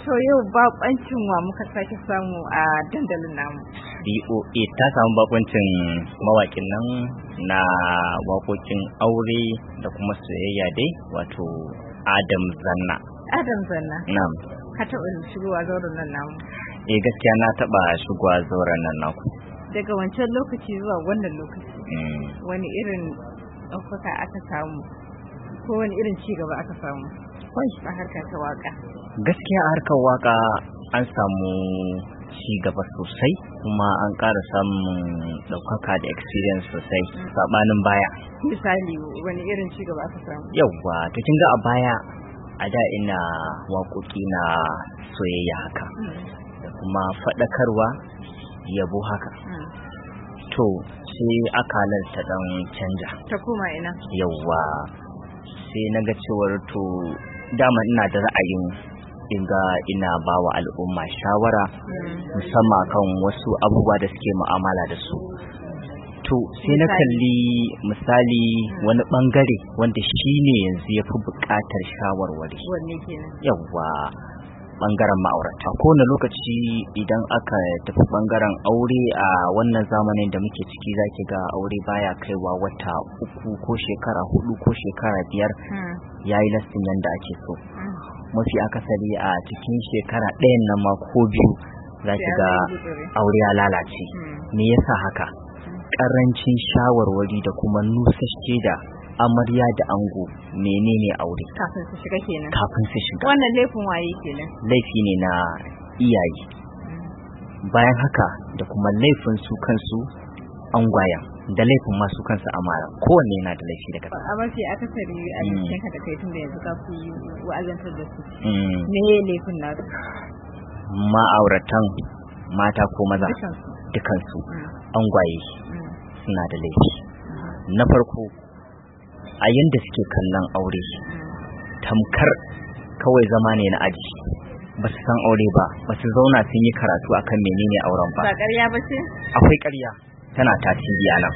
To yau bakoncin wa muka sake samu a dandalin namu. BOA ta samu bakoncin mawakin nan na wakokin aure da kuma soyayya dai wato Adam Zanna. Adam Zanna. na Ka taɓa shigowa zauren nan namu. Eh gaskiya na taɓa shigowa zauren nan naku. Daga wancan lokaci zuwa wannan lokaci. Mm. Wani irin ɗaukaka aka samu? Ko wani irin ci gaba aka samu? Kwanci ta harka ta waka. gaskiya a harkar waka an samu ci gaba sosai kuma an ƙara samun ɗaukaka da experience sosai saɓanin baya misali wani irin ci gaba aka samu yawwa to kin ga a baya a da ina waƙoƙi na soyayya haka da kuma faɗakarwa yabo haka to sai akalar ta ɗan canja ta koma ina yawwa sai na ga cewar to dama ina da ra'ayin inga ina ba wa al'umma shawara musamman kan wasu abubuwa da suke mu'amala da su to sai na kalli misali wani bangare wanda shi ne yanzu ya fi bukatar shawarwari yawwa bangaren ma'aurata ko na lokaci idan aka tafi bangaren aure a wannan zamanin da muke ciki zaki ga aure baya kaiwa wata uku ko shekara hudu ko shekara biyar hmm. ya yi lastin yadda ake so hmm. mafi akasari a cikin shekara ɗayan nan ma ko biyu zaki ga aure ya lalace hmm. me yasa haka ƙarancin shawarwari da kuma nusashe da amarya da ango menene aure kafin su shiga kenan kafin su shiga wannan laifin waye kenan laifi ne na iyaye bayan haka da kuma laifin su kansu angwayen da laifin masu kansu amara kowanne yana da laifi daga a mafi akasari a cikin mm. da kai tun da yanzu ku yi wa'azantar da su mm. me ne laifin nasu ma'auratan mata ko maza dukansu mm. angwaye suna da laifi na farko a yanda suke kallon aure tamkar kawai zama ne na aji ba su san aure ba ba su zauna sun yi karatu akan menene auren ba akwai ƙarya tana tasiri a nan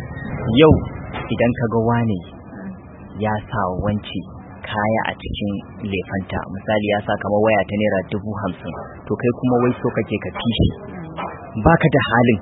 yau idan ka ga wane ya sa wance kaya a cikin lefanta misali ya sa kamar waya ta naira dubu hamsin to kai kuma wai so kake ka fishi baka da halin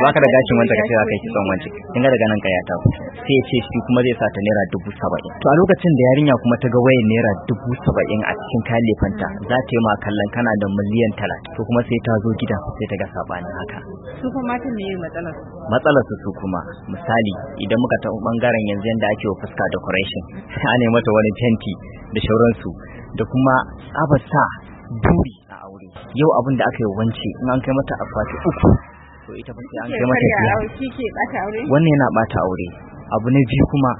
baka da gashin wanda kace zaka yi kitson wance kin ga daga nan ka yata sai ce shi kuma zai sata ta naira dubu saba'in to a lokacin da yarinya kuma ta ga wayar naira dubu saba'in a cikin kalifanta mm. za ta yi ma kallon kana da miliyan talatin to kuma sai ta zo gida sai ta ga sabanin haka su kuma matan ne matsalar matsalar su su kuma misali idan muka tafi bangaren yanzu yanda ake wa fuska decoration a ne mata wani fenti da shauransu da kuma tsaba sa buri yau abin da aka yi wance in an kai mata fati uku to ita ba sai an kai mata biya wannan yana bata aure abu na biyu kuma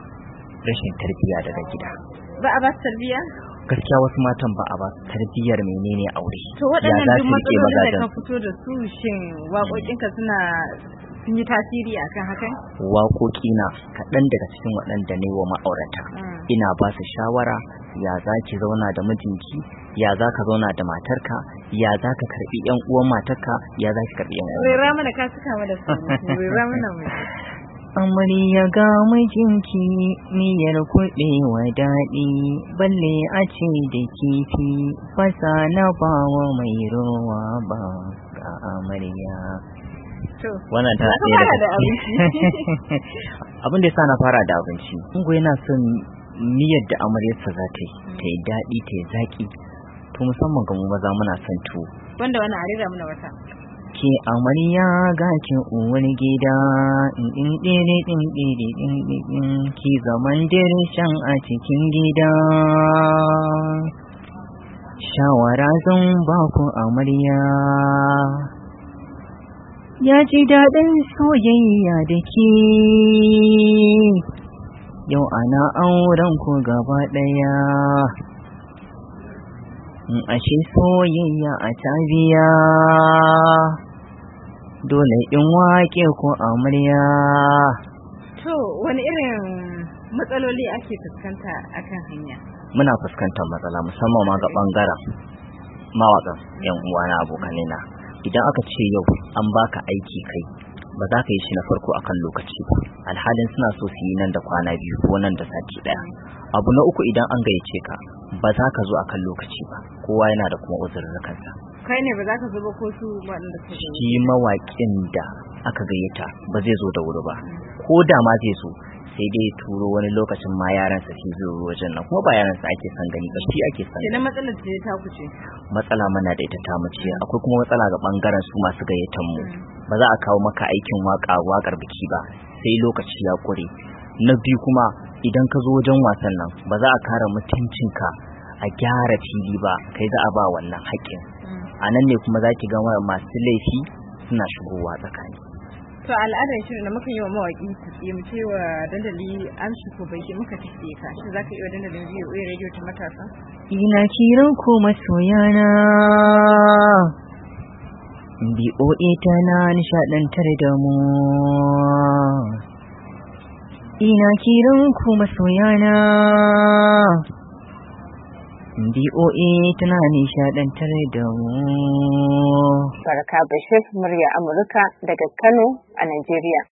rashin tarbiyya daga gida ba a ba tarbiya gaskiya wasu matan ba a ba tarbiyar menene aure to waɗannan duk matsalolin da ka fito da su shin waƙoƙinka suna sun yi tasiri akan hakan waƙoƙi na kaɗan daga cikin waɗanda ne wa ma'aurata mm. ina ba su shawara ya za ki zauna da mijinki ya za ka zauna da matarka ya za ka karbi yan uwan matarka ya za ki karbi yan uwan rera mana ka suka su rera mana amuri amarya ga mijinki miyar kuɗe wa daɗi balle a ce da kifi fasa na bawa mai rowa ba ga amarya wannan ta ɗaya da abin da yasa na fara da abinci ingo yana son miyar da amaryarsa za ta yi ta yi daɗi ta yi zaƙi to musamman ga mu maza muna son tuwo wanda wani arira muna wata ke amarya ga ki wani gida din dire din dire din din ki zaman dirshan a cikin gida shawara zan ba ku amarya ya ji daɗin soyayya da ke yau ana auren ku gaba ɗaya Mm, ashe soyayya a tabiya dole in wake ko amarya to wani irin matsaloli ake fuskanta akan hanya muna fuskantar matsala musamman ma ga bangaren mawaƙan yan uwana abokanai idan aka ce yau an baka aiki kai ba za ka yi shi na farko kan lokaci ba alhalin suna so su yi nan da kwana biyu ko nan da sati daya abu na uku idan an gayyace ka ba za ka zo akan lokaci ba kowa yana da kuma uzurrukansa kai ne ba za ka zo ba ko su waɗanda suka shi mawaƙin da aka gayyata ba zai zo da wuri ba ko da ma zai zo sai dai turo wani lokacin ma yaran sa shi zo wajen nan kuma ba yaran sa ake san gani ba shi ake san ina matsalar ce ta kuce matsala mana da ita ta muce akwai kuma matsala ga bangaren su masu gayyatan mu ba za a kawo maka aikin waka wakar biki ba sai lokaci ya kure na biyu kuma idan ka zo wajen wasan nan ba za a kara mutuncin ka a gyara fili ba kai za a ba wannan haƙƙin mm. a nan ne kuma za ki ga masu laifi suna shigowa tsakani to al'adar shirin da muka yi wa mawaƙi kuɗi mu ce wa dandali amshi ko bai muka tafiye ka shi za ka yi wa dandalin yi radio ta matasa ina kiran ko masoyana ta na nishaɗantar da mu ina kiran ku na. DOA tana nishadantar da mu. Barka Bashir murya Amurka daga Kano a Najeriya.